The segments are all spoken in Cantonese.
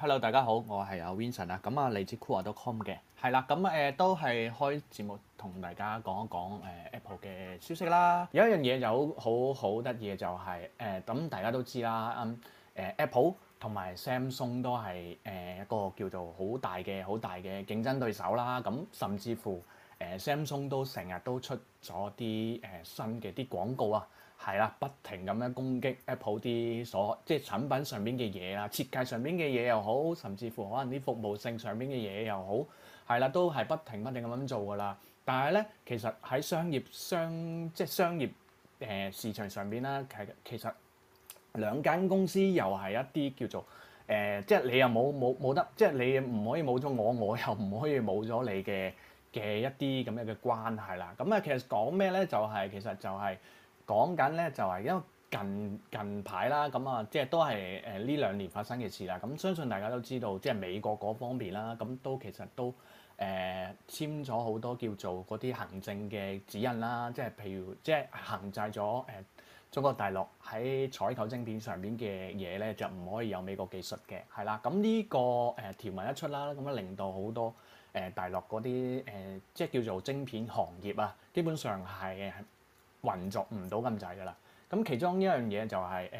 Hello，大家好，我係阿 Vincent 啊。咁啊，來自 cool.com 嘅係啦。咁誒、呃，都係開節目同大家講一講誒、呃、Apple 嘅消息啦。有一樣嘢有好好得意嘅就係、是、誒，咁、呃、大家都知啦。嗯呃、Apple 同埋 Samsung 都係誒一個叫做好大嘅好大嘅競爭對手啦。咁、呃、甚至乎、呃、Samsung 都成日都出咗啲誒新嘅啲廣告啊。係啦，不停咁樣攻擊 Apple 啲所，即係產品上邊嘅嘢啦，設計上邊嘅嘢又好，甚至乎可能啲服務性上邊嘅嘢又好，係啦，都係不停不停咁樣做㗎啦。但係咧，其實喺商業商即係商業誒、呃、市場上邊咧，其實其實兩間公司又係一啲叫做誒、呃，即係你又冇冇冇得，即係你唔可以冇咗我，我又唔可以冇咗你嘅嘅一啲咁樣嘅關係啦。咁啊，其實講咩咧，就係、是、其實就係、是。講緊咧就係因為近近排啦，咁啊即係都係誒呢兩年發生嘅事啦。咁相信大家都知道，即係美國嗰方面啦，咁都其實都誒、呃、簽咗好多叫做嗰啲行政嘅指引啦，即係譬如即係限制咗誒、呃、中國大陸喺採購晶片上邊嘅嘢咧，就唔可以有美國技術嘅，係啦。咁呢個誒條文一出啦，咁樣令到好多誒、呃、大陸嗰啲誒即係叫做晶片行業啊，基本上係，運作唔到咁滯㗎啦，咁其中一樣嘢就係、是、誒，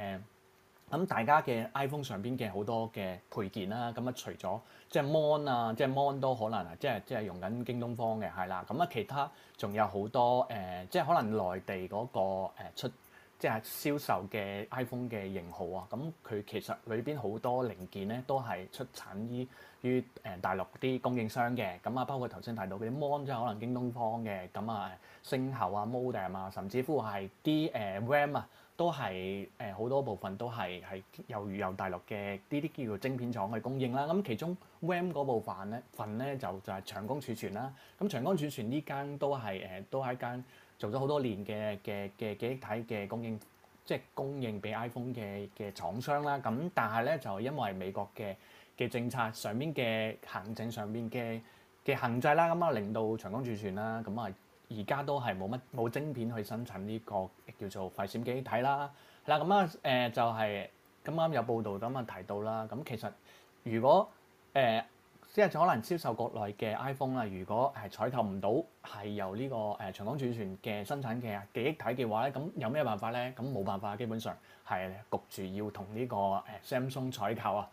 咁、呃、大家嘅 iPhone 上邊嘅好多嘅配件啦，咁、呃、啊除咗即係 mon 啊，即係 mon 都可能啊，即係即係用緊京東方嘅係啦，咁啊其他仲有好多誒、呃，即係可能內地嗰、嗰個、呃、出即係銷售嘅 iPhone 嘅型號啊，咁佢其實裏邊好多零件咧，都係出產於於誒大陸啲供應商嘅。咁啊，包括頭先提到嗰啲 mon 即係可能京東方嘅，咁啊，星透啊、modem 啊，甚至乎係啲誒 RAM 啊，都係誒好多部分都係係由由大陸嘅啲啲叫做晶片廠去供應啦。咁其中 RAM 嗰部分咧，份咧就就係長江儲存啦。咁長江儲存呢間都係誒，都係一間。做咗好多年嘅嘅嘅嘅記憶體嘅供應，即係供應俾 iPhone 嘅嘅廠商啦。咁但係咧就因為美國嘅嘅政策上邊嘅行政上邊嘅嘅限制啦，咁啊令到長江儲存啦。咁啊而家都係冇乜冇晶片去生產呢個叫做快閃記憶體啦。係啦，咁啊誒就係咁啱有報道咁啊提到啦。咁其實如果誒。呃即係可能銷售國內嘅 iPhone 啦，如果係採購唔到係由呢個誒長江儲存嘅生產嘅記憶體嘅話咧，咁有咩辦法咧？咁冇辦法，基本上係焗住要同呢個誒 Samsung 採購啊。誒、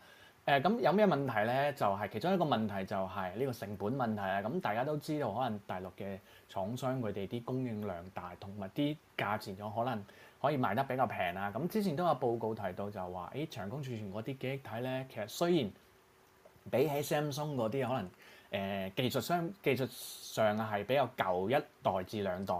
呃、咁有咩問題咧？就係、是、其中一個問題就係呢個成本問題啊。咁大家都知道，可能大陸嘅廠商佢哋啲供應量大，同埋啲價錢又可能可以賣得比較平啊。咁之前都有報告提到就話，誒長江儲存嗰啲記憶體咧，其實雖然比起 Samsung 嗰啲可能誒、呃、技術上技術上係比較舊一代至兩代，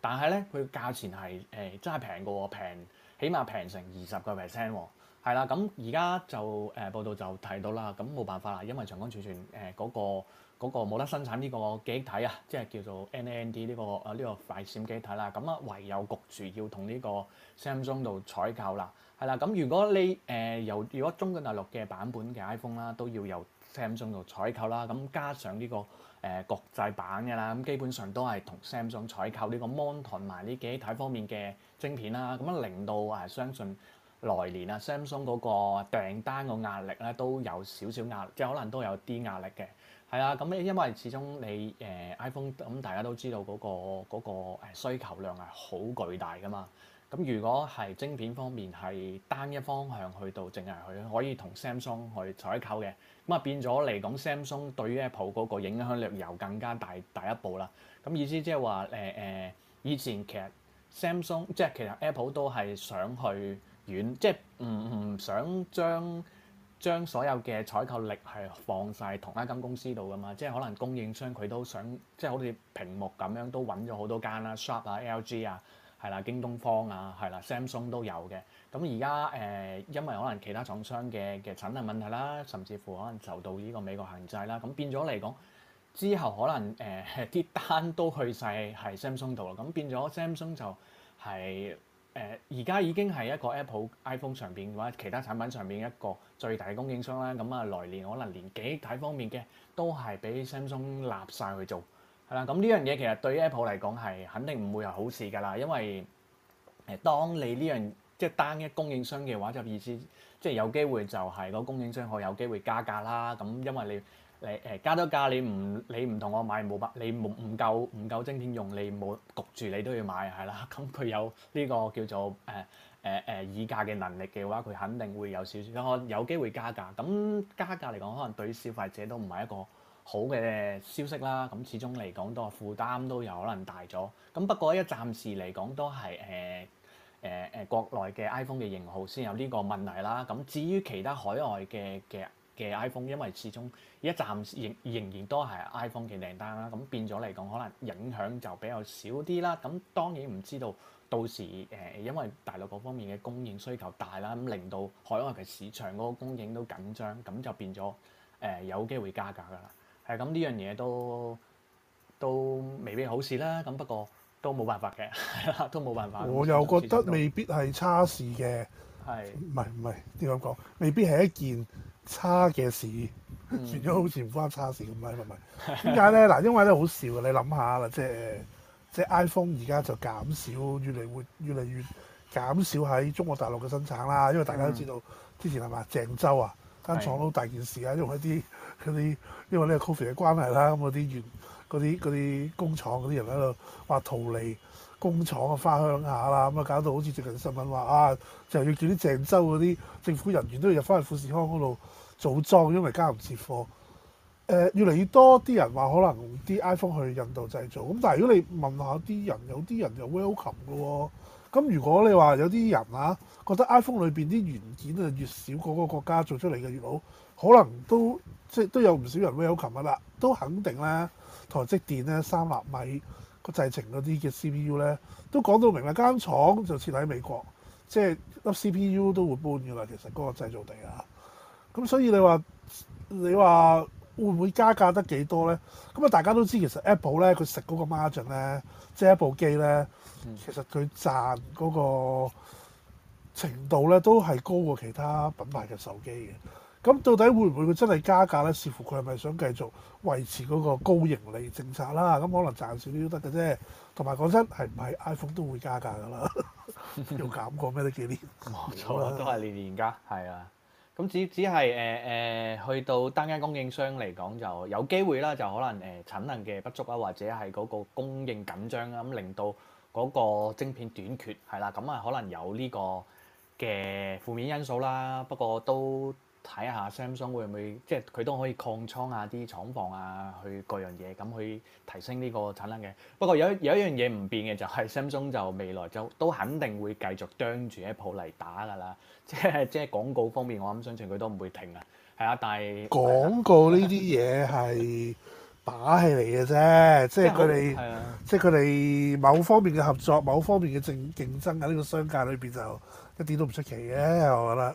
但係咧佢價錢係誒、呃、真係平過喎，平起碼平成二十個 percent 喎，係、啊、啦，咁而家就誒、呃、報道就提到啦，咁冇辦法啦，因為長江儲存誒嗰個。嗰個冇得生產呢個記憶體啊，即係叫做 NAND 呢、呢個啊呢、呢個快閃記憶體啦。咁啊，唯有焗住要同呢個 Samsung 度採，、啊、採購啦，係啦。咁如果你誒由如果中國大陸嘅版本嘅 iPhone 啦，都要由 Samsung 度採購啦。咁加上呢、呢個誒、呃、國際版嘅啦，咁基本上都係同 Samsung 採購呢個 mon 同埋呢記憶體方面嘅晶片啦。咁、嗯、啊，令到啊相信來年啊 Samsung 嗰個訂單個壓力咧都有少少壓力，即係可能都有啲壓力嘅。係啦，咁因為始終你誒、呃、iPhone 咁大家都知道嗰個嗰個需求量係好巨大㗎嘛，咁如果係晶片方面係單一方向去到淨係去可以同 Samsung 去採購嘅，咁啊變咗嚟講 Samsung 對於 Apple 嗰個影響力又更加大，大一步啦。咁意思即係話誒誒以前其實 Samsung 即係其實 Apple 都係想去遠，即係唔唔想將。將所有嘅採購力係放晒同一間公司度噶嘛，即係可能供應商佢都想，即係好似屏幕咁樣都揾咗好多間啦，Sharp 啊、p, LG 啊，係啦、京東方啊，係啦、Samsung 都有嘅。咁而家誒，因為可能其他廠商嘅嘅產能問題啦，甚至乎可能受到呢個美國限制啦，咁變咗嚟講，之後可能誒啲、呃、單都去晒係 Samsung 度啦，咁變咗 Samsung 就係、是。誒而家已經係一個 Apple iPhone 上邊或者其他產品上邊一個最大嘅供應商啦。咁啊，來年可能連幾大方面嘅都係俾 Samsung 立晒去做，係啦。咁呢樣嘢其實對 Apple 嚟講係肯定唔會係好事㗎啦，因為誒，當你呢樣即係單一供應商嘅話，就意思即係有機會就係嗰供應商可有機會加價啦。咁因為你。你誒加多價，你唔你唔同我買冇辦法，你冇唔夠唔夠晶片用，你冇焗住你都要買，係啦。咁佢有呢個叫做誒誒誒議價嘅能力嘅話，佢肯定會有少少可有機會加價。咁加價嚟講，可能對消費者都唔係一個好嘅消息啦。咁始終嚟講，都係負擔都有可能大咗。咁不過一暫時嚟講，都係誒誒誒國內嘅 iPhone 嘅型號先有呢個問題啦。咁至於其他海外嘅嘅。嘅 iPhone，因為始終一站仍仍然都係 iPhone 嘅訂單啦，咁變咗嚟講，可能影響就比較少啲啦。咁當然唔知道到時誒、呃，因為大陸各方面嘅供應需求大啦，咁令到海外嘅市場嗰個供應都緊張，咁就變咗誒、呃、有機會加價噶啦。係咁呢樣嘢都都未必好事啦。咁不過都冇辦法嘅， 都冇辦法。我又覺得市場市場未必係差事嘅，係唔係唔係？點樣講？未必係一件。差嘅事，完咗好似唔關差事咁樣？係咪點解咧？嗱，因為咧好笑啊！你諗下啦，即係即係 iPhone 而家就減少，越嚟會越嚟越，越減少喺中國大陸嘅生產啦。因為大家都知道、嗯、之前係咪啊？鄭州啊間廠都大件事啊的，因為啲啲因為呢個 COVID 嘅關係啦，咁嗰啲原嗰啲嗰啲工廠啲人喺度話逃離。工廠啊，翻鄉下啦，咁啊搞到好似最近新聞話啊，就要叫啲鄭州嗰啲政府人員都要入翻去富士康嗰度組裝，因為加唔切貨。誒、呃，越嚟越多啲人話可能用啲 iPhone 去印度製造，咁但係如果你問下啲人，有啲人就 welcome 嘅喎、哦。咁如果你話有啲人啊，覺得 iPhone 裏邊啲元件啊越少嗰、嗰個國家做出嚟嘅越好，可能都即係都有唔少人 welcome 嘅啦。都肯定咧，台積電咧三納米製程嗰啲嘅 CPU 咧，都講到明喇。間廠就設喺美國，即係粒 CPU 都會搬噶啦。其實嗰個製造地啊，咁所以你話你話會唔會加價得幾多咧？咁啊，大家都知其實 Apple 咧佢食嗰個 margin 咧，即係一部機咧，嗯、其實佢賺嗰個程度咧都係高過其他品牌嘅手機嘅。咁到底會唔會佢真係加價咧？視乎佢係咪想繼續維持嗰個高盈利政策啦。咁可能賺少啲都得嘅啫。同埋講真，係唔係 iPhone 都會加價噶啦？有 減過咩？呢幾年冇錯啦，都係年年加。係 啊。咁只只係誒誒，去到單間供應商嚟講，就有機會啦。就可能誒產、呃、能嘅不足啊，或者係嗰個供應緊張啊，咁令到嗰個晶片短缺係啦。咁啊，可能有呢個嘅負面因素啦。不過都～睇下 Samsung 會唔會即係佢都可以擴倉下啲廠房啊，去各樣嘢咁去提升呢個產能嘅。不過有有一樣嘢唔變嘅就係 Samsung 就未來就都肯定會繼續啄住一鋪嚟打㗎啦。即係即係廣告方面，我諗相信佢都唔會停啊。係啊，但係廣告呢啲嘢係把戲嚟嘅啫。即係佢哋即係佢哋某方面嘅合作，某方面嘅競競爭喺呢個商界裏邊就一啲都唔出奇嘅，嗯、我覺得。